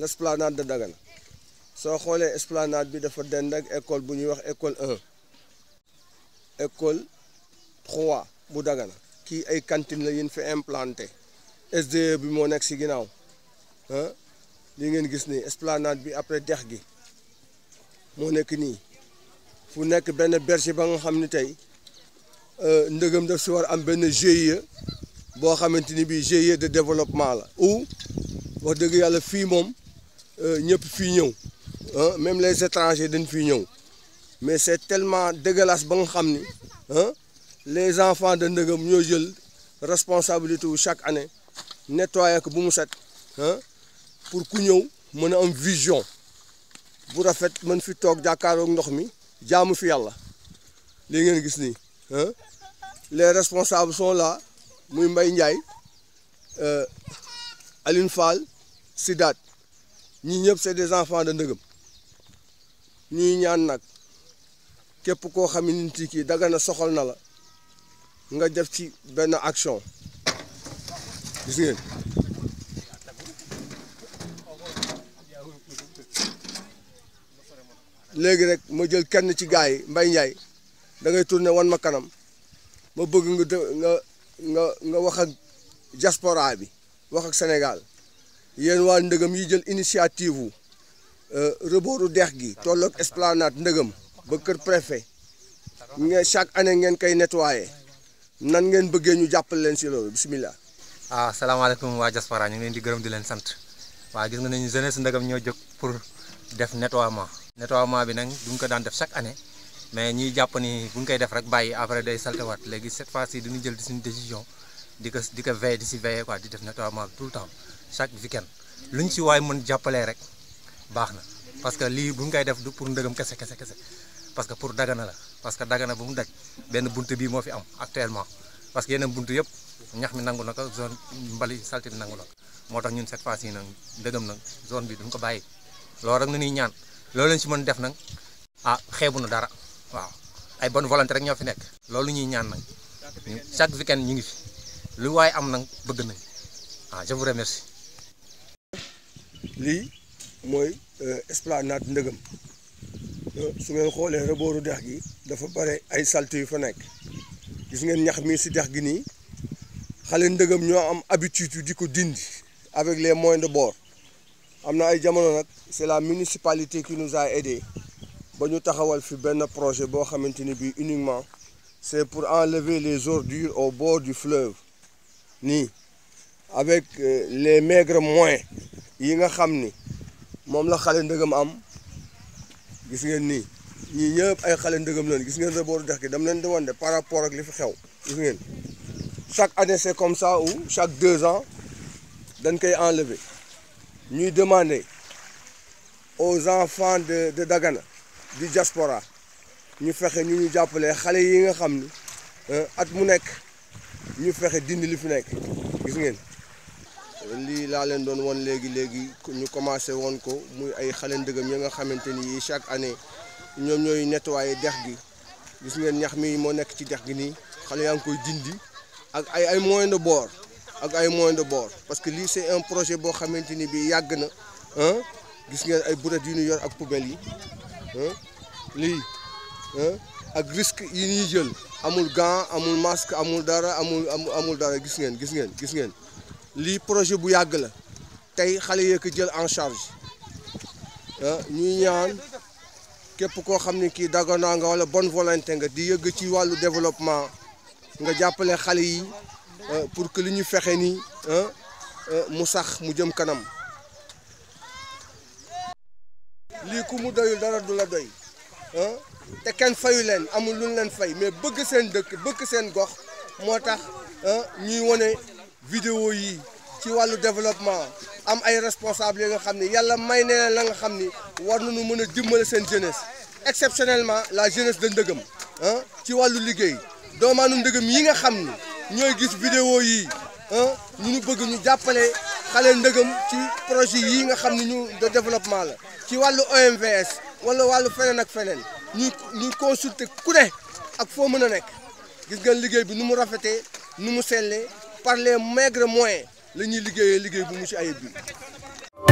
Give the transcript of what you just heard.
l'esplanade de Dagana soo xoolee esplanade bi dafa dend ak école bu ñuy wax école 1 école 3 bu Dagana kii ay cantine la yéen fi implanté SDE bi moo nekk si ginnaaw li ngeen gis nii esplanade bi après dex gi moo nekk nii fu nekk benn berger ba nga xam ni tey euh, ndëgëm daf si war am benn GIE boo xamante ni bii GIE de développement la ou wax dëgg yàlla fii moom Euh, ñëpp fii ñëw hein, même les étrangers dañ fii ñëw mais c'est tellement dégueulasse ba nga xam hein, les enfants de ndëgëm ñoo jël responsabilité chaque année nettoyer ko bu mu set hein, pour ku ñëw mën a am vision bu rafet mën fi toog jàkkaaroog ndox mi jaamu fi yàlla lii ngeen gis nii les responsables sont là muy Mbaye Ndiaye euh, Aline Fall ñi ñëpp c'est des enfants de ndëgëm ñuy ñaan nag képp koo xam ne kii daga na soxal na la nga def ci benn action gis léegi rek ma jël kenn ci gars yi Mbaye Ndiaye da ngay tourné wan ma kanam ma bëgg nga nga nga nga wax ak diaspora bi wax ak yéen waa ndëgëm yi jël initiative wu euh, rebooru dex gi tolloog esplanade ndëgëm ba kër préfet nga chaque année ngeen koy nettoyé nan ngeen bëggee ñu jàppale leen si loolu bisimilah. ah salaamaaleykum waa diaspora ñu ngi leen di gërëm di leen sant waa gis nga nañu jeunesse ndëgëm ñoo jóg pour def nettoiement nettoiement bi nag duñ ko daan def chaque année mais ñuy jàpp ni buñ koy def rek bàyyi après day saltewaat léegi cette fois ci ñu jël di suñu décision di di ko veillé di si veillé quoi di le temps chaque weekend lu ñu ci waay mën jàppalee rek baax na parce que lii bu ñu koy def pour ndëgam kese kese kese parce que pour Dagana la parce que Dagana bu mu daj benn bunt bii moo fi am actuellement parce que yeneen bunt yëpp ñax mi nangu na ko zone mbali salti nangu na ko moo tax ñun cette fois yi nag ndëgam nag zone bi duñ ko bàyyi loolu rek nu ñuy ñaan loolu lañ si mën def nag ah xeebu na dara waaw ay bonne volonté rek ñoo fi nekk loolu ñuy ñaan nag chaque weekend ñu ngi fi lu waaye am nag bëgg nañ ah lii mooy euh, esplanade ndëgëm euh, su ngeen xoolee rebooru dex gi dafa bare ay salte yu fa nekk gis ngeen ñax mi si dex gi nii xale ndëgëm ñoo am habitude yu di ko dindi avec les moyens de bord am na ay jamono nag c'est la municipalité qui nous a aidé ba ñu taxawal fi benn projet boo xamante ni uniquement c'est pour enlever les ordures au bord du fleuve Ni avec euh, les maigres moyens yi nga xam ni moom la xale ndëgëm am gis ngeen nii ñii yëpp ay xale ndëgëm lañu gis ngeen rebooru dex gi dam leen di wonde par rapport ak li fi xew gis ngeen chaque année c'est comme ça ou chaque deux ans dañ koy enlevé ñuy demander aux enfants de de Dagana du diaspora ñu fexe ñu ñu jàppalee xale yi nga xam ni euh, at mu nekk ñu fexe dindi li fi nekk gis ngeen lii laa leen doon woon léegi léegi ñu commencé woon ko muy ay xale ndëgëm yi nga xamante ni chaque année ñoom ñooy nettoyé dex gi gis ngeen ñax mi moo nekk ci dex gi nii xale yaa ngi koy dindi ak ay ay moyens de bord ak ay moyens de bord parce que lii c'est un projet boo xamante ni bii yàgg na ah gis ngeen ay brouettes yu nu yor ak poubelles yi lii ak risque yi ñuy jël amul gant amul masque amul dara amul amul dara gis ngeen gis ngeen gis ngeen. li projet bu yàgg la tay xale yee ko jël en charge ah, ñuy ñaan képp ko xamni ki kii nga wala bonne volonté nga di yëgg ci walu développement nga jappalé xale yi ah, pour que li ñu ni nii ah, mu sax mu jëm kanam li ku mu doyul dara du la hein té kenn fayu leen amul luñu leen fay mais bëgg seen dëkk bëgg seen gox motax hein ñuy woné vidéo yi ci walu développement am ay responsables yi nga xamni yalla may nee la nga xamni war nañu mën a dimbale jeunesse exceptionnellement la jeunesse de Ndegem hein ci wàllu liggéey doomaanu Ndegem yi nga xamni ñoy gis vidéo yi hein, ñu ñu bëgg ñu jappalé xalé Ndegem ci projet yi nga xamni ñu de développement la ci walu OMVS wala walu fenen ak fenen ñu ñu consulter ku ne ak fo mëna a nekk gis nga liguey bi nu mu rafété nu mu sellee par les maigres moyens la ñuy liggéeyee liggéey bu mu ci ayib bi